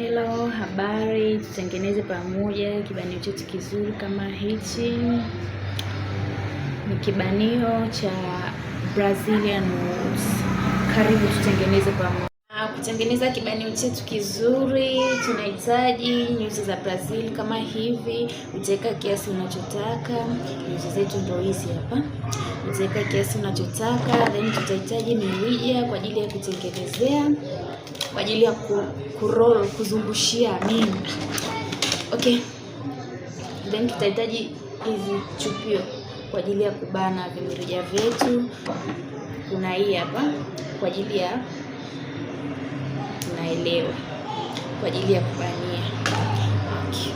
Hello, habari, tutengeneze pamoja kibanio chetu kizuri kama hichi. Ni kibanio cha Brazilian Woods. Karibu tutengeneze pamoja. Kutengeneza kibanio chetu kizuri, tunahitaji nyuzi za Brazil kama hivi. Utaweka kiasi unachotaka. Nyuzi zetu ndio hizi hapa. Utaweka kiasi unachotaka, then tutahitaji mirija kwa ajili ya kutengenezea kwa ajili ya kuroll kuzungushia mimi. Okay, then tutahitaji hizi chupio kwa ajili ya kubana vimirija vyetu. Kuna hii hapa kwa ajili ya tunaelewa, kwa ajili ya kubania. Okay,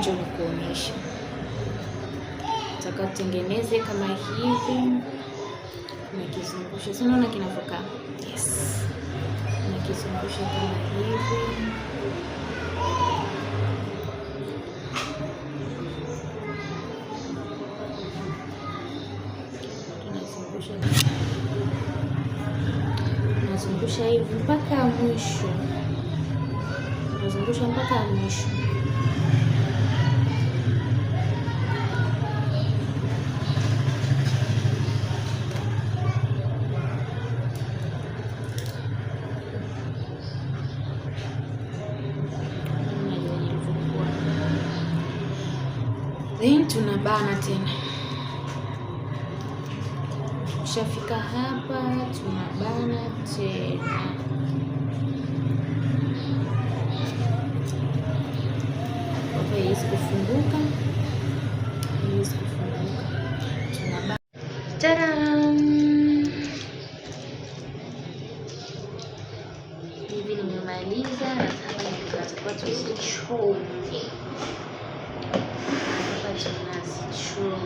njo ni kuonyesha taka tutengeneze kama hivi na kizungusho, si unaona Yes. que isso não puxa Nós Nossa, puxar e vir pra cá, murcho. Nós vamos puxar pra cá, murcho. tunabana tena, tushafika hapa tunabana tena. Haiwezi kufunguka, haiwezi kufunguka, Tadam, hivi nimemaliza na sasa nitakuwa such True.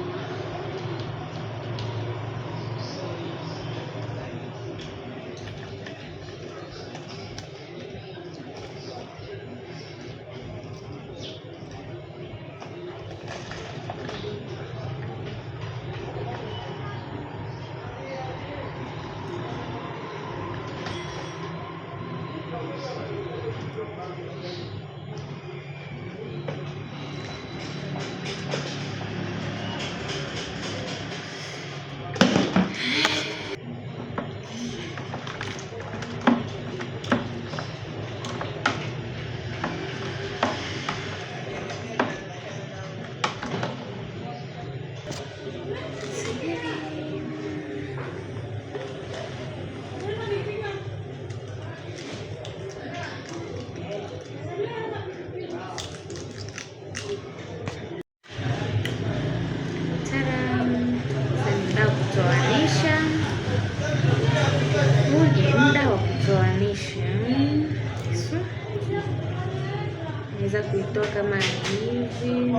ilitoa kama hivi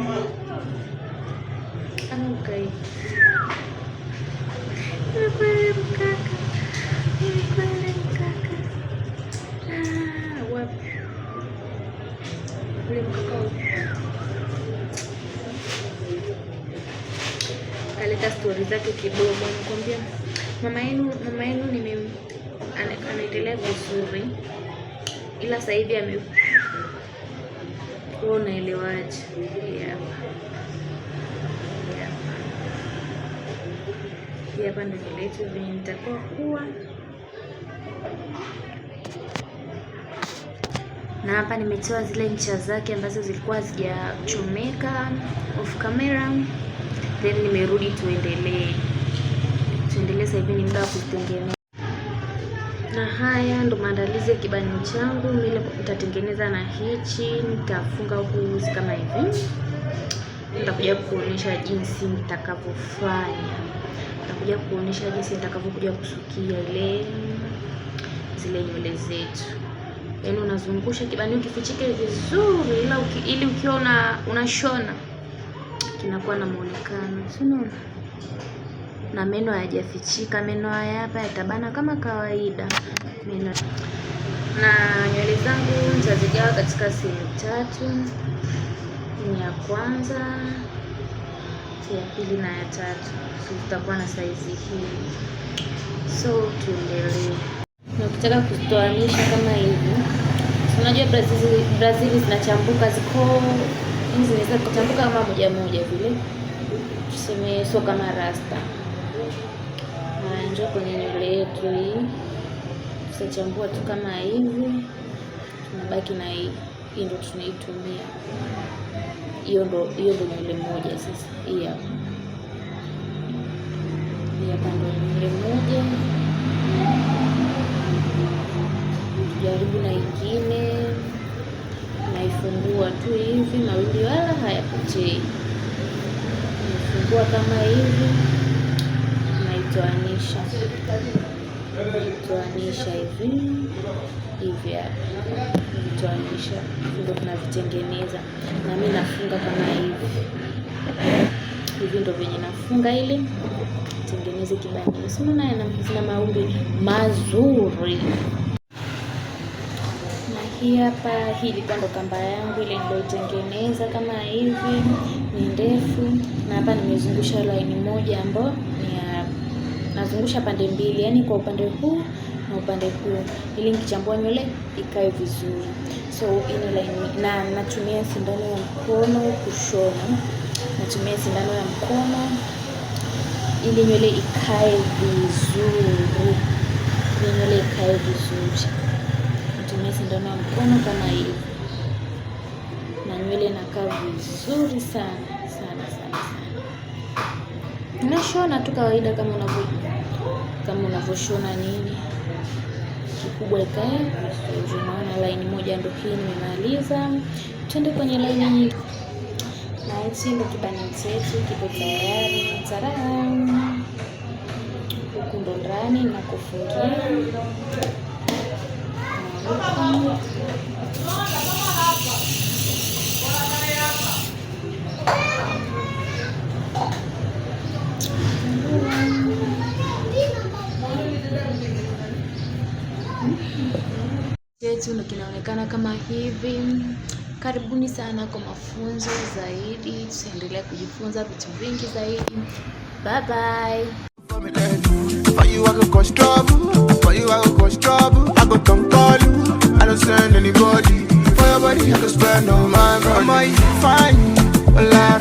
okay. Ah, Kaleta stori zake kidogo, nakwambia mama yenu, mama yenu nime anaendelea vizuri, ila sasa hivi ame wewe unaelewaje? hapa ndio kiletu venye nitakuwa kuwa na hapa nimetoa zile ncha zake ambazo zilikuwa hazijachomeka off camera, then nimerudi tuendelee tuendelee. Sasa hivi ni muda wa kutengeneza na haya ndo maandalizi ya kibani changu. Mimi nitatengeneza na hichi, nitafunga huu kama hivi. Nitakuja kuonyesha jinsi nitakavyofanya, nitakuja kuonyesha jinsi nitakavyokuja kusukia ile zile nywele zetu. Yaani unazungusha kibanio kifichike vizuri, ila uki, ili ukiwa unashona kinakuwa na muonekano sio? na meno hayajafichika, meno haya hapa yatabana kama kawaida meno. Na nywele zangu nitazigawa katika sehemu tatu, ya kwanza, ya pili na ya tatu. So tutakuwa na saizi hii, so tuendelee. Na ukitaka kutoanisha kama hivi, unajua Brazili zinachambuka ziko hizi, zinaweza kuchambuka kama moja moja vile, tuseme sio kama rasta njo kwenye nywele yetu hii, tutachambua tu kama hivi, tunabaki na hii ndio tunaitumia hiyo, ndo hiyo ndo nywele moja. Sasa hii hapa, kando nywele moja, jaribu na ingine, naifungua tu hivi, mawili wala hayapotei, naifungua kama hivi Nitoanisha nitoanisha hivi hivi, nitoanisha ndio tunavitengeneza, na mimi nafunga kama hivi hivi, ndio venye nafunga ili tengeneze kibanio. Si maana zina maumbi mazuri. Hii hapa, hii ilikuwa ndo kamba yangu ile niliotengeneza kama hivi, ni ndefu, na hapa nimezungusha laini moja ambayo ni nazungusha pande mbili, yani kwa upande huu na upande huu, ili nikichambua nywele ikae vizuri. So ina line na natumia sindano ya mkono kushona, natumia sindano ya mkono ili nywele ikae vizuri, ili nywele ikae vizuri. Natumia sindano ya mkono kama hii na nywele inakaa vizuri sana sana sana sana. Nashona tu kawaida kama unavyojua kama unavyoshona nini kikubwa ikae vizuri. Maana laini moja ndio hii nimemaliza, tuende kwenye laini nyingine. Na hichi ndio kibani chetu kipo tayari. Taram, huku ndo ndani na kufungia chetu ndo kinaonekana kama hivi. Karibuni sana kwa mafunzo zaidi, tutaendelea kujifunza vitu vingi zaidi. Bye bye.